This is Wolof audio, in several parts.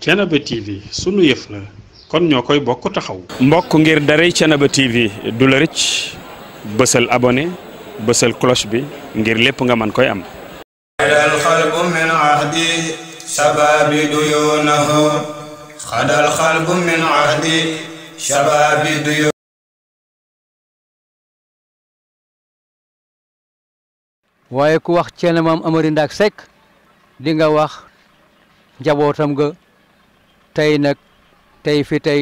Thiénaba TV sunu yëf la kon ñoo koy bokk taxaw. mbokk ngir daray Thiénaba TV dula la rëcc bësal abonné cloche bi ngir lépp nga mën koy am. xadal xalbu min ahdi shababi duyunahu xadal xalbu min ahdi shababi duyunahu waaye ku wax Thiénaba Amary Ndack Seck nga wax njabootam ga tey nag tey fi tey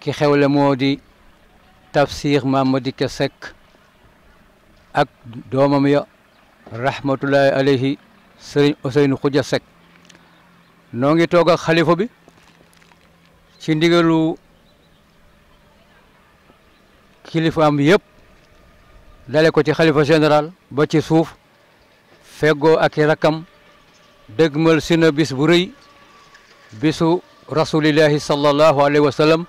ki xewle moo di tafsir Mamadické Seck ak doomam ya rahmatullahi alayhi sëriñ Ousseynou Khoudia Seck noo ngi toog ak xalifa bi ci ndigalu kilifaam yépp dale ko ci xalifa général ba ci suuf feggoo ak i rakkam dëgmal si na bis bu rëy bisu rasulillahi sallallahu alayhi wa sallam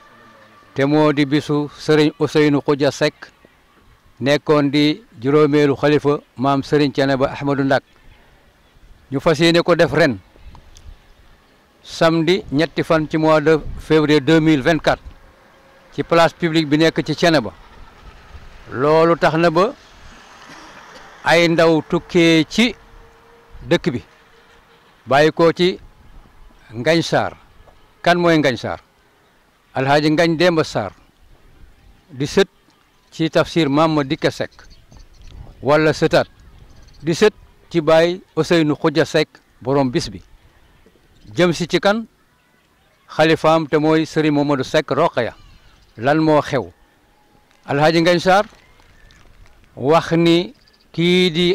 te moo di bisu sëriñ Ousseynou Khoudia Seck nekkoon di juróomeelu xalifa maam sëriñ Thiénaba Ahmadou Ndak ñu fas yéene ko def ren samedi ñetti fan ci mois de février 2024 ci place publique bi nekk ci ba loolu tax na ba ay ndaw tukkee ci dëkk bi bàyyi ko ci Ngañ kan mooy Ngagne Sarr alhaaji ngañ demb Sarr di sët ci tafsir Mama Dikka Seck wala sëtaat di sët ci baay Ousseynou a Seck borom bis bi jëm si ci kan xalifaam te mooy Serigne Momadou Seck Roqaya lan moo xew alhaaji ngañ Sarr wax ni kii di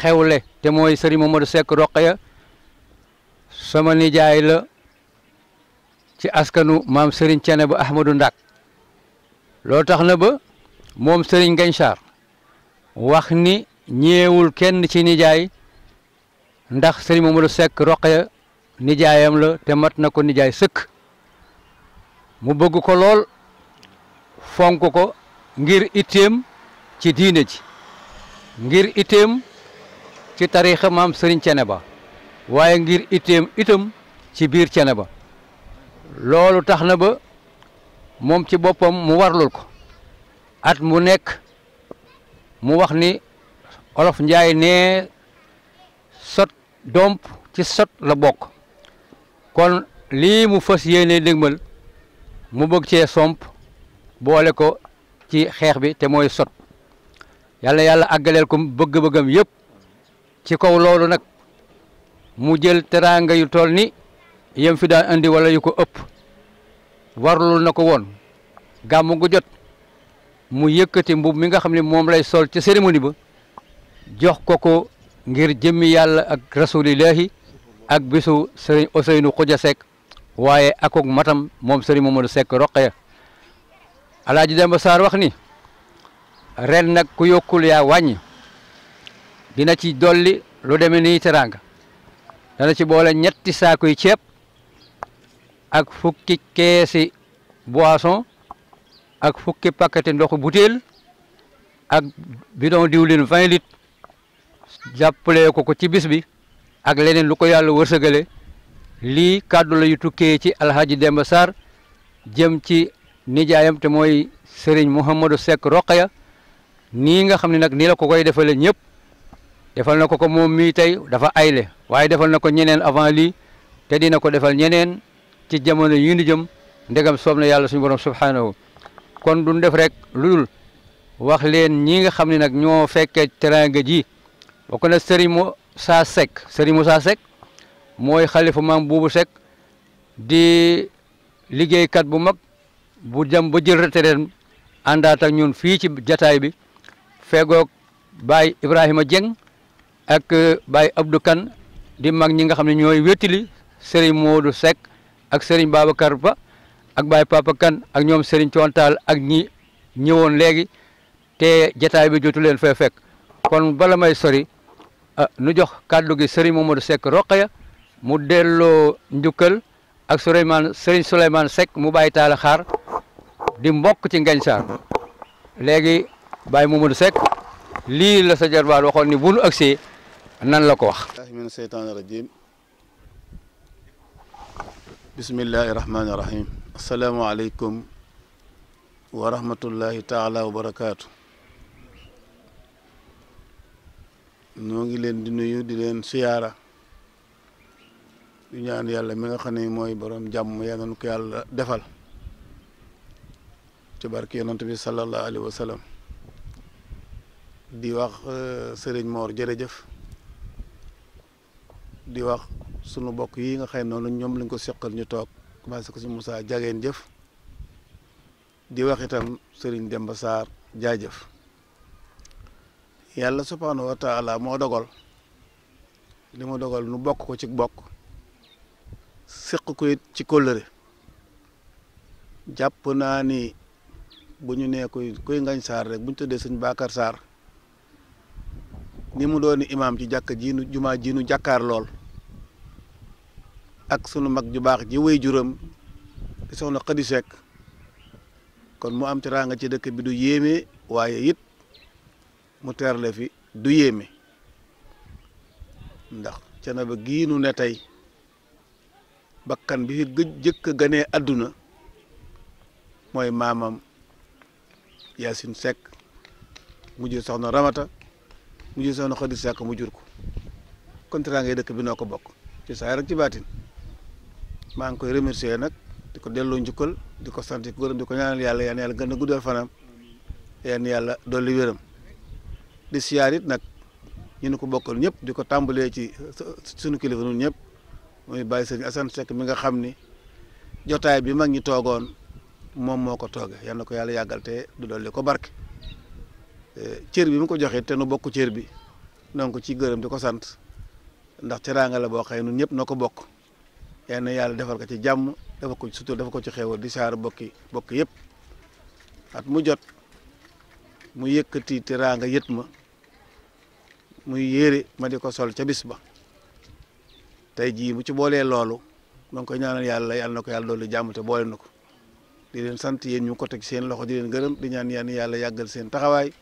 xewle te mooy Serigne Momadou Seck Roqaya sama nijaay la ci askanu maam Serigne Cene ba Ahmadou Ndak loo tax na ba moom sëriñ Ngagne wax ni ñeewul kenn ci nijaay ndax Serigne Mamadou sekk Roqaya nijaayam la te mat na ko nijaay sëkk mu bëgg ko lool fonk ko ngir itteem ci diine ci ngir itteem ci tariixa maam Serigne Cene ba waaye ngir itteem itam ci biir Cene ba loolu tax na ba moom ci boppam mu warlul ko at mu nekk mu wax ni olof njaay nee sot domp ci sot la bokk kon lii mu fas yéene dégmal mu bëgg cee somp boole ko ci xeex bi te mooy sot yàlla yàlla àggaleel ko bëgg-bëggam yëpp ci kaw loolu nag mu jël teraangayu tool toll ni yem fi daan indi wala yu ko ëpp warlul na ko woon gàmmu gu jot mu yëkkati mbub mi nga xam ne moom lay sol ci cérémonie ba jox ko ko ngir jëmmi yàlla ak rasulillahi ak bisu sëriñ Ousseynou Khoudia Seck waaye akook matam moom sëriñ Mamadou Seck Roqaya Alaaji Demba Sarr wax ni ren nag ku yokkul ya wàññi dina ci dolli lu demee nii teraanga dana ci boole ñetti saako yi ceeb ak fukki keesi boisson ak fukki paqueti ndoxu butéel ak bidon diwlin vingt litres jàppalee ko ko ci bis bi ak leneen lu ko yàlla wërsëgale lii kàddu la yu ci alhaji Demba Sarr jëm ci nijaayam te mooy Serigne sek Seck ya nii nga xam ne nag nila ko koy defale ñëpp defal na ko ko moom mii tey dafa ayle waaye defal na ko ñeneen avant lii te dina ko defal ñeneen ci jamono yi ñu jëm ndegam soob na yàlla suñu borom subhaanahu kon du def rek lu dul wax leen ñi nga xam ne nag ñoo fekkee teraanga ji bokk na sëriñ Moussa Seck sek Moussa Seck mooy xalifa maam buubu Seck di liggéeykat bu mag bu jëm ba jël retraite àndaat ak ñun fii ci jataay bi fegoog Baye Ibrahima Dieng ak Baye Abdou Kane di mag ñi nga xam ne ñooy wétali sëriñ Modou Seck ak Serigne Babacar Ba ak Baye Papa Kane ak ñoom Serigne Thiontal ak ñi ñëwoon léegi te jataay bi jotu leen fay fekk kon bala may sori ah, nu jox kàddu gi Serigne Mamadou Seck Roqaya mu delloo njukkal ak Souleymane Serigne Souleymane Seck mu bàyyi a xaar di mbokk ci Ngagne Sarr léegi Baye Mamadou sekk lii la sa jarbaal waxoon ni bu nu nan la ko wax. min seytaani bismillahi rahmaani rahim asalaamualeykum wa rahmatullahi taala wa barakaatu noo ngi leen di nuyu di leen siyaara di ñaan yàlla mi nga xam ne mooy borom jàmm yàlla na ko yàlla defal ci barke yonent bi sallallahu alayhi wa di wax euh, sëriñ Mor jërëjëf di wax sunu bokk yi nga xëy noonu ñoom lañ ko seqal ñu toog commencé ko si Moussa jageen jëf di wax itam Serigne Demba Sarr jaajëf yàlla subhaanahu wa moo dogal li mu dogal nu bokk ko ci bokk seq ko it ci kóllëre jàpp naa ni bu ñu nee kuy kuy ngañ saar rek bu ñu tuddee sëñ Bakar Sarr ni mu doon imaam ci jàkka ji nu jumaa ji nu jàkkaar lool ak sunu mag ju baax ji wéy juram di soxna Xadi Sekk kon mu am teraanga ci dëkk bi du yéeme waaye it mu teerle fi du yéeme ndax Thiénaba gii giinu ne tey bakkan bi fi gëj jëkk ganee àdduna mooy maamam Yaasin Sekk mu soxna Ramata mu jur soxna Xadi Sekk mu jur ko kon teraanga yi dëkk bi noo ko bokk ci saay rek ci baatin maa ngi koy remercier nag di ko delloo njukkal di ko sant di ko gërëm di ko ñaanal yàlla yéen yàlla gën a guddal fanam yàlla dolli wéram di nag ñu ko bokkal ñëpp di ko tàmbalee ci suñu kilifa ñëpp muy bàyyi sëñ Assane Seck mi nga xam ni jotaay bi mag ñi toogoon moom moo ko tooge yal ko yàlla yàggal du dolli ko barke. Eh, cër bi mu ko joxe te nu bokk cër bi donc ci gërëm di ko sant ndax teraanga la boo xëy nun ñëpp na ko bokk. yal na yàlla defal ko ci jàmm dafa ko sutur dafa ko ci xéewal di saar bokki bokki yëpp at mu jot mu yëkkati teraanga yët ma muy yére ma di ko sol ca bis ba tey jii mu ci boolee loolu ma ngi koy ñaanal yàlla yàlla na ko yàlla dolli jàmm te boole na ko di leen sant yéen ñu ko teg seen loxo di leen gërëm di ñaan yéen yàlla yàggal seen taxawaay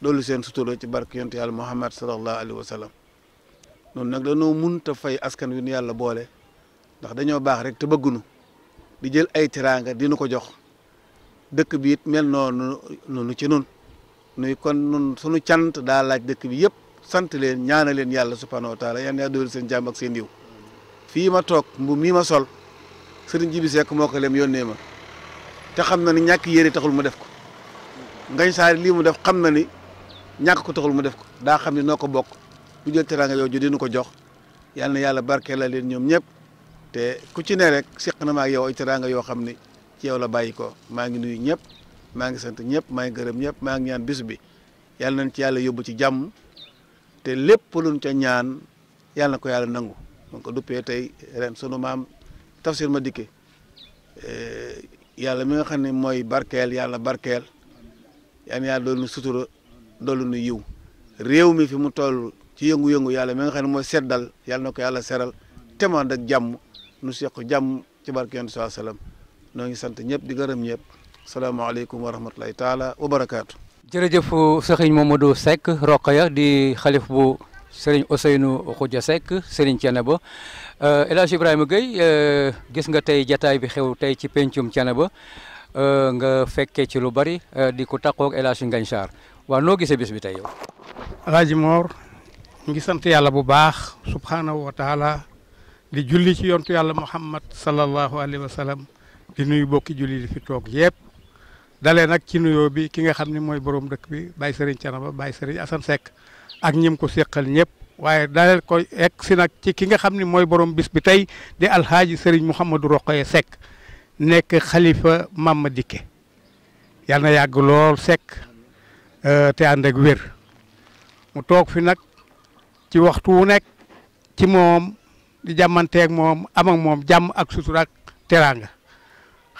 dolli seen sutura ci barke yontu yàlla Muhammad sallallahu alayhi wa sallam noonu nag dañoo mun ta fay askan wi nu yàlla boole ndax dañoo baax rek te bëggunu di jël ay tiraanga dinu ko jox dëkk biit it mel noonu noonu ci nun nuy kon nun suñu cant daa laaj dëkk bi yëpp sant leen ñaana leen yàlla subhanahu wa taala yan yaa doolu seen jàmm ak seen yiw fii ma toog mbu mii ma sol sëriñ Jibi Seck moo ko lem yónnee ma te xam na ni ñàkk yére taxul mu def ko ngañ saari lii mu def xam na ni ñàkk ko taxul mu def ko daa xam ni noo ko bokk bu jël teraanga yooyu dinu ko jox yal na yàlla barkeel leen ñoom ñëpp te ku ci ne rek seq na maa yow ay teraanga yoo xam ni ci yow la bàyyi ko maa ngi nuyu ñëpp maa ngi sant ñëpp maa ngi gërëm ñëpp maa ngi ñaan bis bi yàlla nañ ci yàlla yóbbu ci jàmm te lépp luñ ca ñaan yàlla na ko yàlla nangu donc ko duppee tey ren sunu maam tafsir ma dikke eh, yàlla mi nga xam ne mooy barkeel yàlla barkeel yaan yàlla doolu nu sutura doolu nu yiw réew mi fi mu toll ci yëngu-yëngu yàlla mi nga xam ne mooy seddal yàlla na ko yàlla seral teman ak jàmm nu seq jàmm ci barke yonent saa salaam noo ngi sant ñëpp di gërëm ñëpp salaamaaleykum wa rahmatulahi taala wa barakaatu. jërëjëf sëriñ Mamadou Seck Rokhaya di xalif bu sëriñ Ousseynou Khoudia Seck sëriñ Thiénaba euh, El Hadj Ibrahima Gueye euh, gis nga tey jataay bi xew tey ci pencum Thiénaba euh, nga fekkee ci lu bari di ko taqoog El Hadj Ngagne Sarr waaw noo gisee bis bi tey yow. El ngi sant yàlla bu baax subhaanahu wa di julli ci yontu yàlla muhammad sallallahu alayhi wa sallam di nuyu bokki julli di fi toog yëpp dale nag ci nuyoo bi ki nga xam ni mooy borom dëkk bi Baye Serigne Thiénaba Baye Serigne Assane Seck ak ñim ko séqal ñëpp waaye dalee ko egg si nag ci ki nga xam ni mooy borom bis bi tey di alhaaji Serigne Mouhamadou Rokhaya sekk nekk xalifa Mama Dikke yal na yàgg lool sekk euh, te ànd ak wér mu toog fi nag ci waxtu wu nekk ci moom di jàmmanteeg moom am ak moom jàmm ak sutura teraanga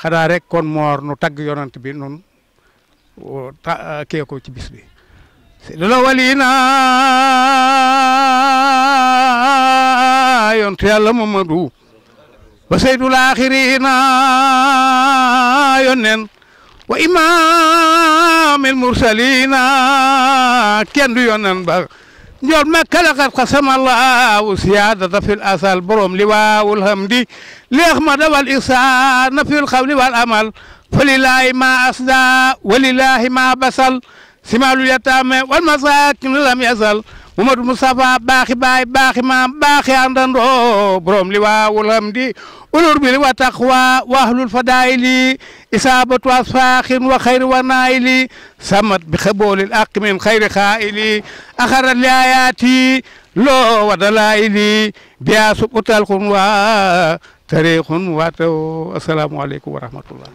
xanaa rek kon moor nu tagg yonant bi nun ta ko ci bi sidula walina yontu yàlla mamadu wa saydul axirina yonnen wa imamil mursalina kenn du yonen ba njool makka laqad qasama allahu siyaadata fi l asal borom li waawul hamdi li axmada wal ihsaana fi l xawli wal amal fa lillahi ma asda wa lillahi ma basal simalul yataame wal masaakin lam yasal Mamadou Moustapha baaxi baay baaxi maam baaxi àndandoo borom li waawul am di ulur bi li wa taqwa waahlul fadaayili isaabatu asfaaxin wa xayri wa naayili samat bi xaboolil aq min xayri xaayili axarat li ayaati loo wa dalaayili biyaasub utalxun wa tariixun wa taw asalaamualeykum wa rahmatullah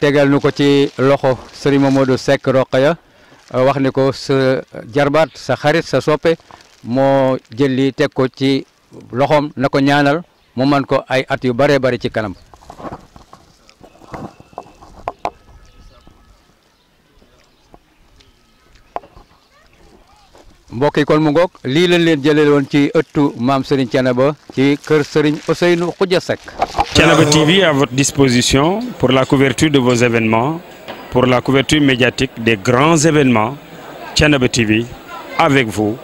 tegal nu ko ci loxo Serigne Mamadou Seck Rokhaya Euh, wax ni ko sa jarbaat sa xarit sa soppe moo jël lii teg ko ci loxoom na ko ñaanal mu man ko ay at yu bëree bëri ci kanam mbokk yi kon mu ngoog lii lañ leen jëlee woon ci ëttu maam Serigne Thiénaba ci kër Serigne Ousseynou Khoudia Seck Thiénaba TV à votre disposition pour la couverture de vos événements pour la couverture médiatique des grands événements Thiénaba TV avec vous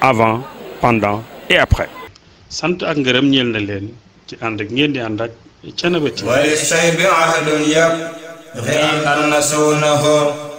avant pendant et après. sant ak ngërëm ñeel na leen ci ànd ak ngeen di ànd ak Thiénaba TV. wali say bi ahadun yab. xëy na